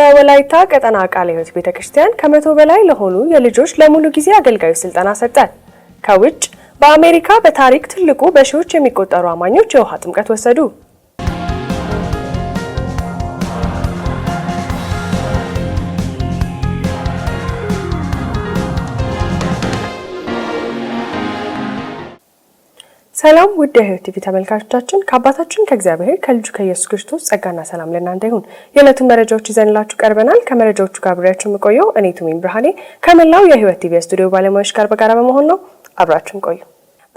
በወላይታ ቀጠና ቃለ ሕይወት ቤተ ክርስቲያን ከመቶ በላይ ለሆኑ የልጆች ለሙሉ ጊዜ አገልጋዮች ስልጠና ሰጠ። ከውጭ በአሜሪካ በታሪክ ትልቁ በሺዎች የሚቆጠሩ አማኞች የውሃ ጥምቀት ወሰዱ። ሰላም ውድ የህይወት ቲቪ ተመልካቾቻችን ከአባታችን ከእግዚአብሔር ከልጁ ከኢየሱስ ክርስቶስ ጸጋና ሰላም ለእናንተ ይሁን። የዕለቱን መረጃዎች ይዘንላችሁ ቀርበናል። ከመረጃዎቹ ጋር ብሬያችሁ የምቆየው እኔ ቱሚን ብርሃኔ ከመላው የህይወት ቲቪ ስቱዲዮ ባለሙያዎች ጋር በጋራ በመሆን ነው። አብራችን ቆዩ።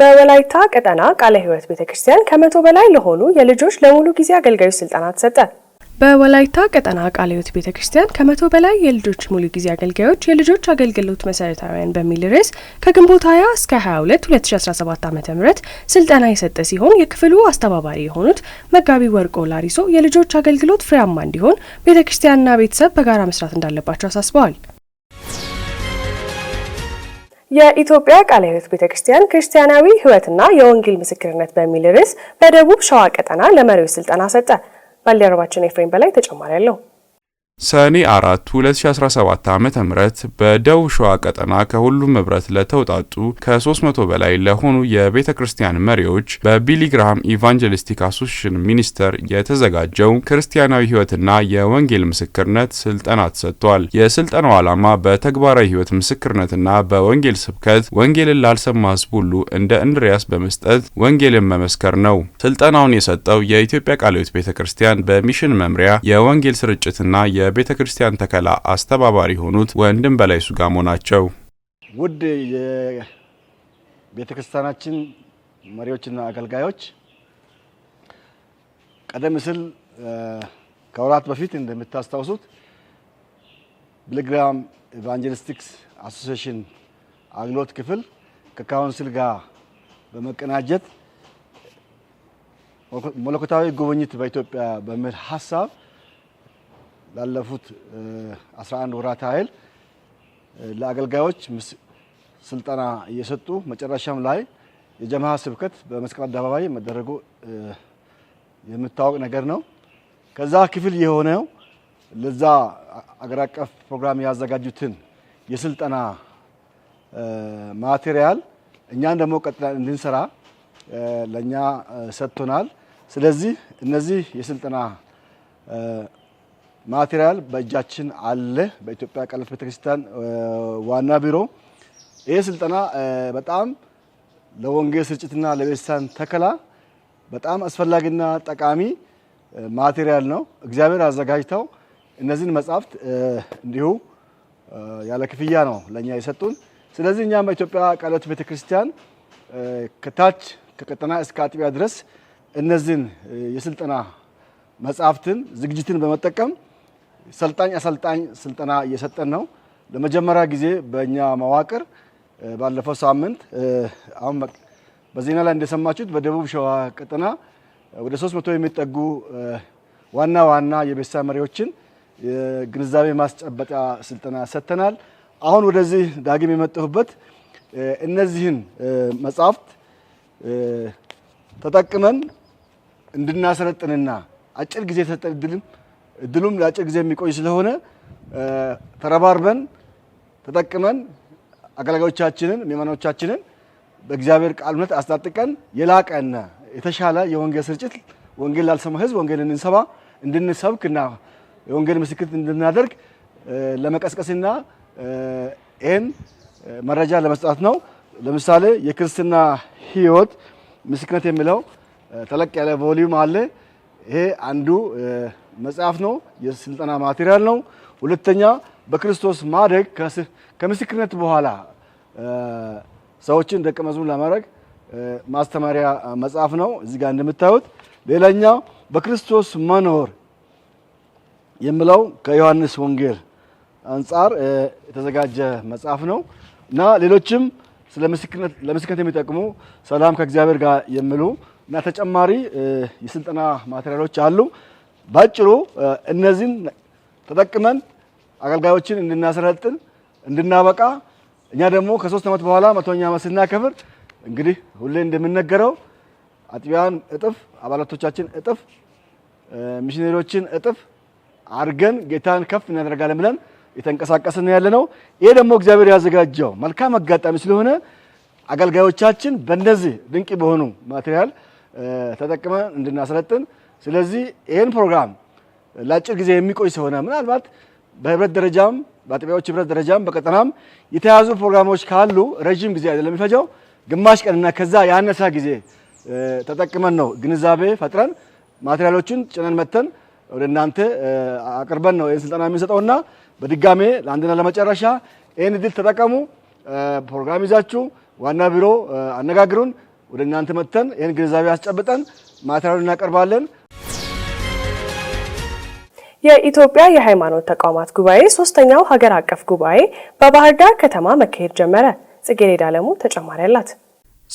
በወላይታ ቀጠና ቃለ ህይወት ቤተክርስቲያን ከመቶ በላይ ለሆኑ የልጆች ለሙሉ ጊዜ አገልጋዮች ስልጠና ተሰጠ። በወላይታ ቀጠና ቃለ ሕይወት ቤተ ክርስቲያን ከመቶ በላይ የልጆች ሙሉ ጊዜ አገልጋዮች የልጆች አገልግሎት መሰረታዊያን በሚል ርዕስ ከግንቦት 20 እስከ 22 2017 ዓ ም ስልጠና የሰጠ ሲሆን የክፍሉ አስተባባሪ የሆኑት መጋቢ ወርቆ ላሪሶ የልጆች አገልግሎት ፍሬያማ እንዲሆን ቤተ ክርስቲያንና ቤተሰብ በጋራ መስራት እንዳለባቸው አሳስበዋል። የኢትዮጵያ ቃለ ሕይወት ቤተ ክርስቲያን ክርስቲያናዊ ሕይወትና የወንጌል ምስክርነት በሚል ርዕስ በደቡብ ሸዋ ቀጠና ለመሪዎች ስልጠና ሰጠ። ባልደረባችን ኤፍሬም በላይ ተጨማሪ አለው። ሰኔ 4 2017 ዓ.ም በደቡብ ሸዋ ቀጠና ከሁሉም ህብረት ለተውጣጡ ከ300 በላይ ለሆኑ የቤተ ክርስቲያን መሪዎች በቢሊግራም ኢቫንጀሊስቲክ አሶሴሽን ሚኒስቴር የተዘጋጀው ክርስቲያናዊ ህይወትና የወንጌል ምስክርነት ስልጠና ተሰጥቷል። የስልጠናው ዓላማ በተግባራዊ ህይወት ምስክርነትና በወንጌል ስብከት ወንጌልን ላልሰማ ህዝብ ሁሉ እንደ እንድሪያስ በመስጠት ወንጌልን መመስከር ነው። ስልጠናውን የሰጠው የኢትዮጵያ ቃለ ቤተክርስቲያን ቤተ ክርስቲያን በሚሽን መምሪያ የወንጌል ስርጭትና የ የቤተ ክርስቲያን ተከላ አስተባባሪ የሆኑት ወንድም በላይ ሱጋሞ ናቸው። ውድ የቤተ ክርስቲያናችን መሪዎችና አገልጋዮች ቀደም ሲል ከወራት በፊት እንደምታስታውሱት ብልግራም ኢቫንጀሊስቲክስ አሶሲሽን አግሎት ክፍል ከካውንስል ጋር በመቀናጀት መለኮታዊ ጉብኝት በኢትዮጵያ በሚል ሀሳብ ላለፉት 11 ወራት ያህል ለአገልጋዮች ስልጠና እየሰጡ መጨረሻም ላይ የጀመሃ ስብከት በመስቀል አደባባይ መደረጉ የምታወቅ ነገር ነው። ከዛ ክፍል የሆነው ለዛ አገር አቀፍ ፕሮግራም ያዘጋጁትን የስልጠና ማቴሪያል እኛን ደግሞ ቀጥላ እንድንሰራ ለእኛ ሰጥቶናል። ስለዚህ እነዚህ የስልጠና ማቴሪያል በእጃችን አለ። በኢትዮጵያ ቃልኪዳን ቤተክርስቲያን ዋና ቢሮ ይህ ስልጠና በጣም ለወንጌል ስርጭትና ለቤተክርስቲያን ተከላ በጣም አስፈላጊና ጠቃሚ ማቴሪያል ነው። እግዚአብሔር አዘጋጅተው እነዚህን መጽሐፍት እንዲሁ ያለ ክፍያ ነው ለእኛ የሰጡን። ስለዚህ እኛም በኢትዮጵያ ቀለት ቤተክርስቲያን ከታች ከቀጠና እስከ አጥቢያ ድረስ እነዚህን የስልጠና መጽሐፍትን ዝግጅትን በመጠቀም ሰልጣኝ አሰልጣኝ ስልጠና እየሰጠን ነው። ለመጀመሪያ ጊዜ በእኛ መዋቅር ባለፈው ሳምንት አሁን በዜና ላይ እንደሰማችሁት በደቡብ ሸዋ ቀጠና ወደ 300 የሚጠጉ ዋና ዋና የቤተሰብ መሪዎችን ግንዛቤ ማስጨበጫ ስልጠና ሰጥተናል። አሁን ወደዚህ ዳግም የመጣሁበት እነዚህን መጽሐፍት ተጠቅመን እንድናሰለጥንና አጭር ጊዜ የተሰጠን እድልም እድሉም ለአጭር ጊዜ የሚቆይ ስለሆነ ተረባርበን ተጠቅመን አገልጋዮቻችንን ምእመኖቻችንን በእግዚአብሔር ቃል እውነት አስታጥቀን የላቀና የተሻለ የወንጌል ስርጭት ወንጌል ላልሰማ ሕዝብ ወንጌል እንድንሰባ እንድንሰብክና የወንጌል ምስክር እንድናደርግ ለመቀስቀስና ይህን መረጃ ለመስጣት ነው። ለምሳሌ የክርስትና ሕይወት ምስክርነት የሚለው ተለቅ ያለ ቮሊዩም አለ። ይሄ አንዱ መጽሐፍ ነው፣ የስልጠና ማቴሪያል ነው። ሁለተኛ በክርስቶስ ማደግ ከምስክርነት በኋላ ሰዎችን ደቀ መዝሙር ለማድረግ ማስተማሪያ መጽሐፍ ነው እዚህ ጋር እንደምታዩት። ሌላኛው በክርስቶስ መኖር የሚለው ከዮሐንስ ወንጌል አንጻር የተዘጋጀ መጽሐፍ ነው እና ሌሎችም ለምስክርነት የሚጠቅሙ ሰላም ከእግዚአብሔር ጋር የሚሉ እና ተጨማሪ የስልጠና ማቴሪያሎች አሉ። ባጭሩ እነዚህን ተጠቅመን አገልጋዮችን እንድናሰለጥን እንድናበቃ እኛ ደግሞ ከሶስት ዓመት በኋላ መቶኛ ዓመት ስናከብር እንግዲህ ሁሌ እንደሚነገረው አጥቢያን እጥፍ አባላቶቻችን እጥፍ ሚሽነሪዎችን እጥፍ አድርገን ጌታን ከፍ እናደርጋለን ብለን የተንቀሳቀስን ያለ ነው። ይሄ ደግሞ እግዚአብሔር ያዘጋጀው መልካም አጋጣሚ ስለሆነ አገልጋዮቻችን በእነዚህ ድንቅ በሆኑ ማቴሪያል ተጠቅመን እንድናሰለጥን ስለዚህ ይህን ፕሮግራም ለአጭር ጊዜ የሚቆይ ሲሆነ ምናልባት በህብረት ደረጃም በአጥቢያዎች ህብረት ደረጃም በቀጠናም የተያዙ ፕሮግራሞች ካሉ ረዥም ጊዜ አይደለም የሚፈጀው፣ ግማሽ ቀንና ከዛ ያነሳ ጊዜ ተጠቅመን ነው ግንዛቤ ፈጥረን ማቴሪያሎቹን ጭነን መተን ወደ እናንተ አቅርበን ነው ይህን ስልጠና የምንሰጠውና በድጋሜ ለአንድና ለመጨረሻ ይህን እድል ተጠቀሙ። ፕሮግራም ይዛችሁ ዋና ቢሮ አነጋግሩን። ወደ እናንተ መጥተን ይህን ግንዛቤ አስጨብጠን ማቴሪያሉን እናቀርባለን። የኢትዮጵያ የሃይማኖት ተቋማት ጉባኤ ሶስተኛው ሀገር አቀፍ ጉባኤ በባህር ዳር ከተማ መካሄድ ጀመረ። ጽጌሬዳ አለሙ ተጨማሪ አላት።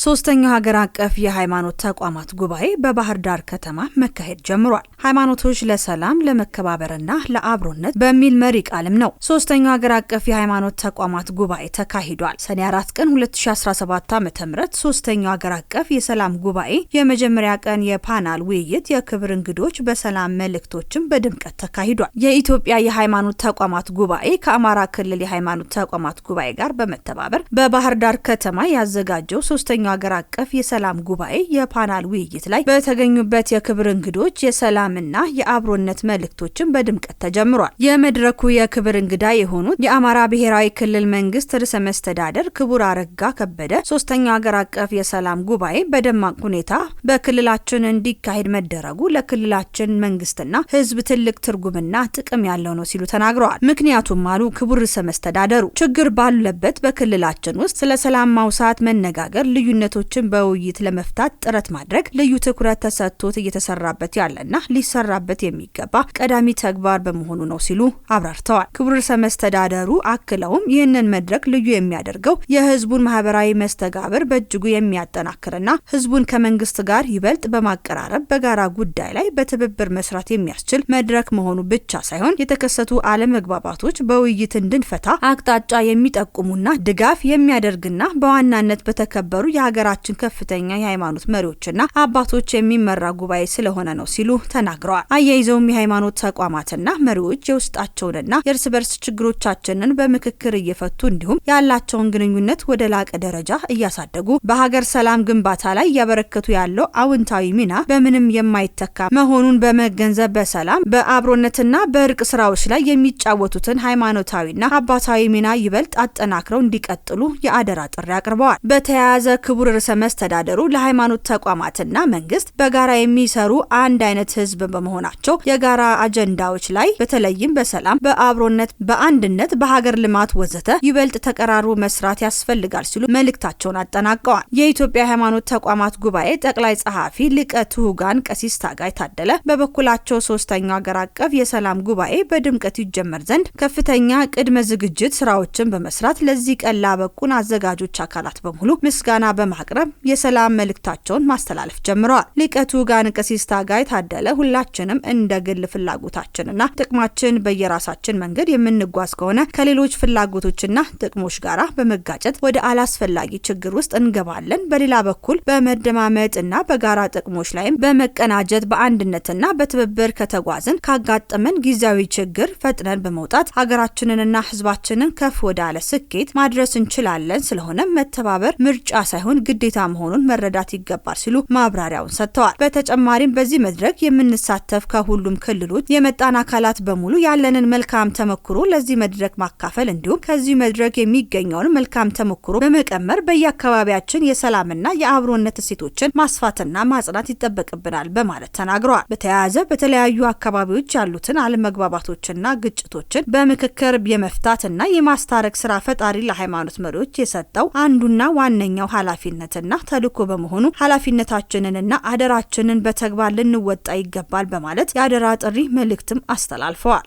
ሶስተኛው ሀገር አቀፍ የሃይማኖት ተቋማት ጉባኤ በባህር ዳር ከተማ መካሄድ ጀምሯል። ሃይማኖቶች ለሰላም ለመከባበርና ለአብሮነት በሚል መሪ ቃልም ነው ሶስተኛው ሀገር አቀፍ የሃይማኖት ተቋማት ጉባኤ ተካሂዷል። ሰኔ አራት ቀን 2017 ዓ ም ሶስተኛው ሀገር አቀፍ የሰላም ጉባኤ የመጀመሪያ ቀን የፓናል ውይይት፣ የክብር እንግዶች በሰላም መልእክቶችም በድምቀት ተካሂዷል። የኢትዮጵያ የሃይማኖት ተቋማት ጉባኤ ከአማራ ክልል የሃይማኖት ተቋማት ጉባኤ ጋር በመተባበር በባህር ዳር ከተማ ያዘጋጀው ሶስተኛው በአራተኛው ሀገር አቀፍ የሰላም ጉባኤ የፓናል ውይይት ላይ በተገኙበት የክብር እንግዶች የሰላምና የአብሮነት መልእክቶችን በድምቀት ተጀምሯል። የመድረኩ የክብር እንግዳ የሆኑት የአማራ ብሔራዊ ክልል መንግስት ርዕሰ መስተዳደር ክቡር አረጋ ከበደ ሶስተኛው ሀገር አቀፍ የሰላም ጉባኤ በደማቅ ሁኔታ በክልላችን እንዲካሄድ መደረጉ ለክልላችን መንግስትና ህዝብ ትልቅ ትርጉምና ጥቅም ያለው ነው ሲሉ ተናግረዋል። ምክንያቱም አሉ ክቡር ርዕሰ መስተዳደሩ ችግር ባለበት በክልላችን ውስጥ ስለ ሰላም ማውሳት መነጋገር ልዩነ ልዩነቶችን በውይይት ለመፍታት ጥረት ማድረግ ልዩ ትኩረት ተሰጥቶት እየተሰራበት ያለና ሊሰራበት የሚገባ ቀዳሚ ተግባር በመሆኑ ነው ሲሉ አብራርተዋል። ክቡር ርዕሰ መስተዳደሩ አክለውም ይህንን መድረክ ልዩ የሚያደርገው የህዝቡን ማህበራዊ መስተጋብር በእጅጉ የሚያጠናክርና ህዝቡን ከመንግስት ጋር ይበልጥ በማቀራረብ በጋራ ጉዳይ ላይ በትብብር መስራት የሚያስችል መድረክ መሆኑ ብቻ ሳይሆን የተከሰቱ አለመግባባቶች በውይይት እንድንፈታ አቅጣጫ የሚጠቁሙና ድጋፍ የሚያደርግና በዋናነት በተከበሩ የሀገራችን ከፍተኛ የሃይማኖት መሪዎችና አባቶች የሚመራ ጉባኤ ስለሆነ ነው ሲሉ ተናግረዋል። አያይዘውም የሃይማኖት ተቋማትና መሪዎች የውስጣቸውንና የእርስ በርስ ችግሮቻችንን በምክክር እየፈቱ እንዲሁም ያላቸውን ግንኙነት ወደ ላቀ ደረጃ እያሳደጉ በሀገር ሰላም ግንባታ ላይ እያበረከቱ ያለው አውንታዊ ሚና በምንም የማይተካ መሆኑን በመገንዘብ በሰላም በአብሮነትና በእርቅ ስራዎች ላይ የሚጫወቱትን ሃይማኖታዊና አባታዊ ሚና ይበልጥ አጠናክረው እንዲቀጥሉ የአደራ ጥሪ አቅርበዋል። በተያያዘ ክቡር ርዕሰ መስተዳደሩ ለሃይማኖት ተቋማትና መንግስት በጋራ የሚሰሩ አንድ አይነት ህዝብ በመሆናቸው የጋራ አጀንዳዎች ላይ በተለይም በሰላም፣ በአብሮነት፣ በአንድነት፣ በሀገር ልማት ወዘተ ይበልጥ ተቀራርቦ መስራት ያስፈልጋል ሲሉ መልእክታቸውን አጠናቀዋል። የኢትዮጵያ ሃይማኖት ተቋማት ጉባኤ ጠቅላይ ጸሐፊ ሊቀ ትሁጋን ቀሲስ ታጋይ ታደለ በበኩላቸው ሶስተኛው አገር አቀፍ የሰላም ጉባኤ በድምቀት ይጀመር ዘንድ ከፍተኛ ቅድመ ዝግጅት ስራዎችን በመስራት ለዚህ ቀን ላበቁን አዘጋጆች አካላት በሙሉ ምስጋና በማቅረብ የሰላም መልእክታቸውን ማስተላለፍ ጀምረዋል። ሊቀቱ ጋን ቀሲስ ታጋይ ታደለ ሁላችንም እንደ ግል ፍላጎታችንና ጥቅማችን በየራሳችን መንገድ የምንጓዝ ከሆነ ከሌሎች ፍላጎቶችና ጥቅሞች ጋር በመጋጨት ወደ አላስፈላጊ ችግር ውስጥ እንገባለን። በሌላ በኩል በመደማመጥ እና በጋራ ጥቅሞች ላይም በመቀናጀት በአንድነትና በትብብር ከተጓዝን ካጋጠመን ጊዜያዊ ችግር ፈጥነን በመውጣት ሀገራችንንና ሕዝባችንን ከፍ ወዳለ ስኬት ማድረስ እንችላለን። ስለሆነ መተባበር ምርጫ ሳይሆን ሳይሆን ግዴታ መሆኑን መረዳት ይገባል ሲሉ ማብራሪያውን ሰጥተዋል። በተጨማሪም በዚህ መድረክ የምንሳተፍ ከሁሉም ክልሎች የመጣን አካላት በሙሉ ያለንን መልካም ተሞክሮ ለዚህ መድረክ ማካፈል እንዲሁም ከዚህ መድረክ የሚገኘውን መልካም ተሞክሮ በመቀመር በየአካባቢያችን የሰላምና የአብሮነት እሴቶችን ማስፋትና ማጽናት ይጠበቅብናል በማለት ተናግረዋል። በተያያዘ በተለያዩ አካባቢዎች ያሉትን አለመግባባቶችና ግጭቶችን በምክክር የመፍታትና የማስታረቅ ስራ ፈጣሪ ለሃይማኖት መሪዎች የሰጠው አንዱና ዋነኛው ኃላፊ ኃላፊነትና ተልዕኮ በመሆኑ ኃላፊነታችንንና አደራችንን በተግባር ልንወጣ ይገባል በማለት የአደራ ጥሪ መልእክትም አስተላልፈዋል።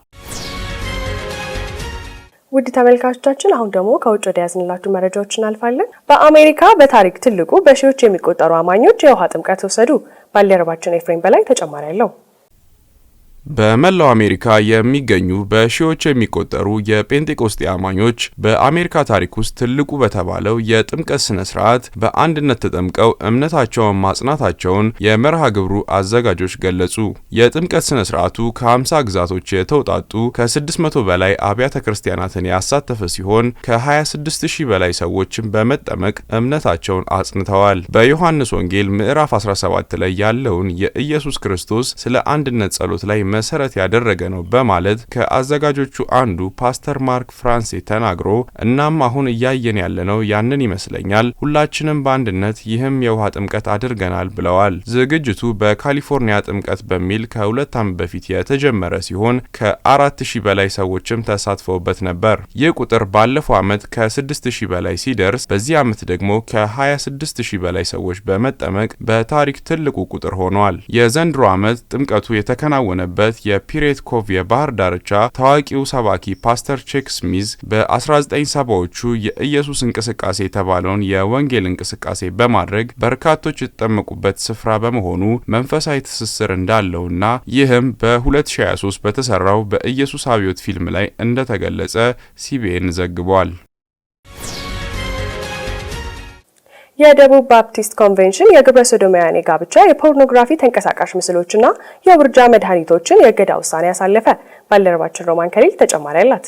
ውድ ተመልካቾቻችን አሁን ደግሞ ከውጭ ወደ ያዝንላችሁ መረጃዎች እናልፋለን። በአሜሪካ በታሪክ ትልቁ በሺዎች የሚቆጠሩ አማኞች የውሃ ጥምቀት ወሰዱ። ባልደረባችን ኤፍሬም በላይ ተጨማሪ አለው። በመላው አሜሪካ የሚገኙ በሺዎች የሚቆጠሩ የጴንጤቆስጤ አማኞች በአሜሪካ ታሪክ ውስጥ ትልቁ በተባለው የጥምቀት ስነ ስርዓት በአንድነት ተጠምቀው እምነታቸውን ማጽናታቸውን የመርሃ ግብሩ አዘጋጆች ገለጹ። የጥምቀት ስነ ስርዓቱ ከ50 ግዛቶች የተውጣጡ ከ600 በላይ አብያተ ክርስቲያናትን ያሳተፈ ሲሆን ከ26000 በላይ ሰዎችን በመጠመቅ እምነታቸውን አጽንተዋል። በዮሐንስ ወንጌል ምዕራፍ 17 ላይ ያለውን የኢየሱስ ክርስቶስ ስለ አንድነት ጸሎት ላይ መሰረት ያደረገ ነው በማለት ከአዘጋጆቹ አንዱ ፓስተር ማርክ ፍራንሴ ተናግሮ እናም አሁን እያየን ያለነው ያንን ይመስለኛል። ሁላችንም በአንድነት ይህም የውሃ ጥምቀት አድርገናል ብለዋል። ዝግጅቱ በካሊፎርኒያ ጥምቀት በሚል ከሁለት ዓመት በፊት የተጀመረ ሲሆን ከአራት ሺህ በላይ ሰዎችም ተሳትፈውበት ነበር። ይህ ቁጥር ባለፈው ዓመት ከስድስት ሺህ በላይ ሲደርስ በዚህ ዓመት ደግሞ ከ26 ሺህ በላይ ሰዎች በመጠመቅ በታሪክ ትልቁ ቁጥር ሆኗል። የዘንድሮ ዓመት ጥምቀቱ የተከናወነበት የፒሬት የፒሬትኮቭ የባህር ዳርቻ ታዋቂው ሰባኪ ፓስተር ቼክ ስሚዝ በ1970ዎቹ የኢየሱስ እንቅስቃሴ የተባለውን የወንጌል እንቅስቃሴ በማድረግ በርካቶች የተጠመቁበት ስፍራ በመሆኑ መንፈሳዊ ትስስር እንዳለውና ይህም በ2023 በተሰራው በኢየሱስ አብዮት ፊልም ላይ እንደተገለጸ ሲቢኤን ዘግቧል። የደቡብ ባፕቲስት ኮንቬንሽን የግብረ ሶዶማውያን የጋብቻ የፖርኖግራፊ ተንቀሳቃሽ ምስሎችና የውርጃ መድኃኒቶችን የእገዳ ውሳኔ ያሳለፈ። ባልደረባችን ሮማን ከሊል ተጨማሪ አላት።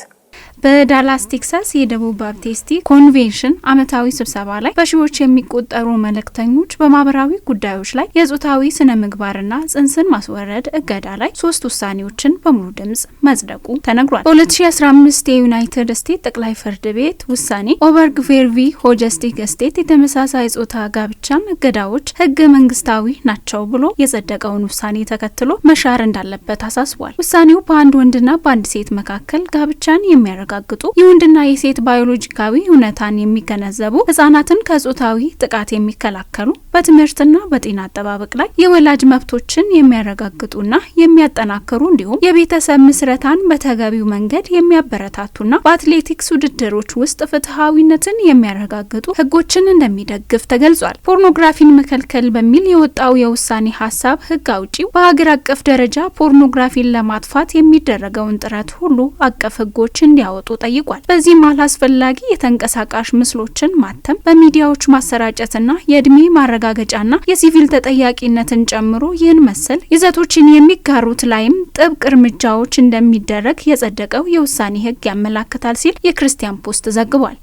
በዳላስ ቴክሳስ የደቡብ ባፕቲስት ኮንቬንሽን ዓመታዊ ስብሰባ ላይ በሺዎች የሚቆጠሩ መልእክተኞች በማህበራዊ ጉዳዮች ላይ የጾታዊ ስነ ምግባርና ጽንስን ማስወረድ እገዳ ላይ ሶስት ውሳኔዎችን በሙሉ ድምጽ መጽደቁ ተነግሯል። በ2015 የዩናይትድ ስቴትስ ጠቅላይ ፍርድ ቤት ውሳኔ ኦበርግ ቬርቪ ሆጀስቲክ ስቴት የተመሳሳይ ጾታ ጋብቻን እገዳዎች ህገ መንግስታዊ ናቸው ብሎ የጸደቀውን ውሳኔ ተከትሎ መሻር እንዳለበት አሳስቧል። ውሳኔው በአንድ ወንድና በአንድ ሴት መካከል ጋብቻን የሚያረጋ የሚያረጋግጡ የወንድና የሴት ባዮሎጂካዊ እውነታን የሚገነዘቡ ህጻናትን ከጾታዊ ጥቃት የሚከላከሉ በትምህርትና በጤና አጠባበቅ ላይ የወላጅ መብቶችን የሚያረጋግጡና የሚያጠናክሩ እንዲሁም የቤተሰብ ምስረታን በተገቢው መንገድ የሚያበረታቱና በአትሌቲክስ ውድድሮች ውስጥ ፍትሐዊነትን የሚያረጋግጡ ህጎችን እንደሚደግፍ ተገልጿል። ፖርኖግራፊን መከልከል በሚል የወጣው የውሳኔ ሀሳብ ህግ አውጪው በሀገር አቀፍ ደረጃ ፖርኖግራፊን ለማጥፋት የሚደረገውን ጥረት ሁሉ አቀፍ ህጎች እንዲያው እንዲያወጡ ጠይቋል። በዚህም አላስፈላጊ የተንቀሳቃሽ ምስሎችን ማተም፣ በሚዲያዎች ማሰራጨትና የእድሜ ማረጋገጫና የሲቪል ተጠያቂነትን ጨምሮ ይህን መሰል ይዘቶችን የሚጋሩት ላይም ጥብቅ እርምጃዎች እንደሚደረግ የጸደቀው የውሳኔ ህግ ያመላክታል ሲል የክርስቲያን ፖስት ዘግቧል።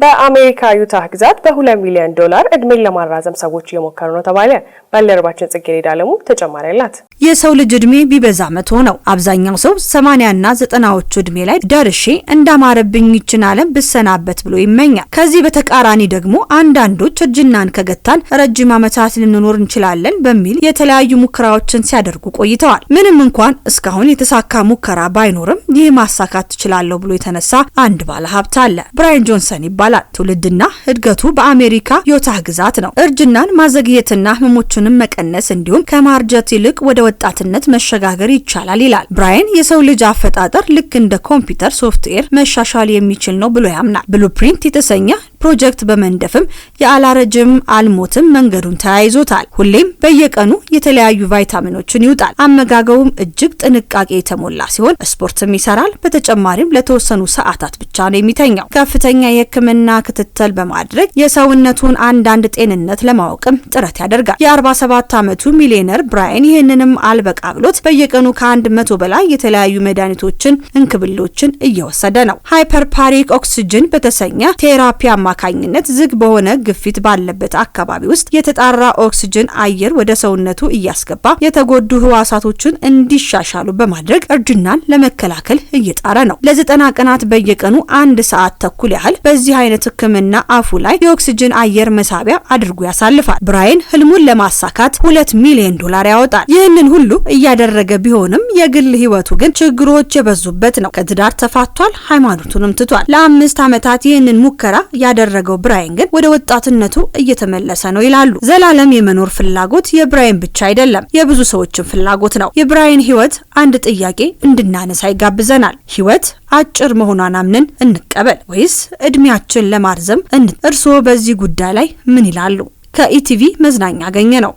በአሜሪካ ዩታህ ግዛት በሁለት ሚሊዮን ዶላር እድሜን ለማራዘም ሰዎች እየሞከሩ ነው ተባለ። ባልደረባችን ጽጌሬዳ አለሙ ተጨማሪ አላት። የሰው ልጅ እድሜ ቢበዛ መቶ ነው። አብዛኛው ሰው ሰማኒያና ዘጠናዎቹ እድሜ ላይ ደርሼ እንዳማረብኝ ይችን ብሰናበት ብሎ ይመኛል። ከዚህ በተቃራኒ ደግሞ አንዳንዶች እርጅናን ከገታን ረጅም ዓመታት ልንኖር እንችላለን በሚል የተለያዩ ሙከራዎችን ሲያደርጉ ቆይተዋል። ምንም እንኳን እስካሁን የተሳካ ሙከራ ባይኖርም ይህ ማሳካት ትችላለሁ ብሎ የተነሳ አንድ ባለ ሀብት አለ። ብራይን ጆንሰን ይባላል። ይባላል። ትውልድና እድገቱ በአሜሪካ ዮታህ ግዛት ነው። እርጅናን ማዘግየትና ህመሞችንም መቀነስ እንዲሁም ከማርጀት ይልቅ ወደ ወጣትነት መሸጋገር ይቻላል ይላል ብራይን። የሰው ልጅ አፈጣጠር ልክ እንደ ኮምፒውተር ሶፍትዌር መሻሻል የሚችል ነው ብሎ ያምናል። ብሉፕሪንት የተሰኘ ፕሮጀክት በመንደፍም የአላረጅም አልሞትም መንገዱን ተያይዞታል። ሁሌም በየቀኑ የተለያዩ ቫይታሚኖችን ይውጣል። አመጋገቡም እጅግ ጥንቃቄ የተሞላ ሲሆን ስፖርትም ይሰራል። በተጨማሪም ለተወሰኑ ሰዓታት ብቻ ነው የሚተኛው። ከፍተኛ የሕክምና ክትትል በማድረግ የሰውነቱን አንዳንድ ጤንነት ለማወቅም ጥረት ያደርጋል። የ47 ዓመቱ ሚሊዮነር ብራይን ይህንንም አልበቃ ብሎት በየቀኑ ከአንድ መቶ በላይ የተለያዩ መድኃኒቶችን፣ እንክብሎችን እየወሰደ ነው። ሃይፐርፓሪክ ኦክስጅን በተሰኘ ቴራፒ አማካኝነት ዝግ በሆነ ግፊት ባለበት አካባቢ ውስጥ የተጣራ ኦክስጅን አየር ወደ ሰውነቱ እያስገባ የተጎዱ ህዋሳቶችን እንዲሻሻሉ በማድረግ እርጅናን ለመከላከል እየጣረ ነው። ለዘጠና ቀናት በየቀኑ አንድ ሰዓት ተኩል ያህል በዚህ አይነት ህክምና አፉ ላይ የኦክስጅን አየር መሳቢያ አድርጎ ያሳልፋል። ብራይን ህልሙን ለማሳካት ሁለት ሚሊዮን ዶላር ያወጣል። ይህንን ሁሉ እያደረገ ቢሆንም የግል ህይወቱ ግን ችግሮች የበዙበት ነው። ከትዳር ተፋቷል፣ ሃይማኖቱንም ትቷል። ለአምስት ዓመታት ይህንን ሙከራ ያደ ያደረገው ብራይን ግን ወደ ወጣትነቱ እየተመለሰ ነው ይላሉ። ዘላለም የመኖር ፍላጎት የብራይን ብቻ አይደለም፣ የብዙ ሰዎችን ፍላጎት ነው። የብራይን ህይወት አንድ ጥያቄ እንድናነሳ ይጋብዘናል። ህይወት አጭር መሆኗን አምነን እንቀበል ወይስ እድሜያችን ለማርዘም እን እርስዎ በዚህ ጉዳይ ላይ ምን ይላሉ? ከኢቲቪ መዝናኛ ያገኘ ነው።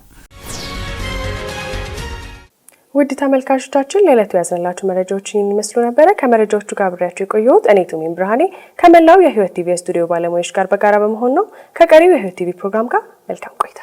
ውድ ተመልካቾቻችን ለዕለቱ ያዘንላችሁ መረጃዎች የሚመስሉ ነበረ። ከመረጃዎቹ ጋር አብሬያችሁ የቆየሁት እኔ ቱሚን ብርሃኔ ከመላው የህይወት ቲቪ ስቱዲዮ ባለሙያዎች ጋር በጋራ በመሆን ነው። ከቀሪው የህይወት ቲቪ ፕሮግራም ጋር መልካም ቆይታ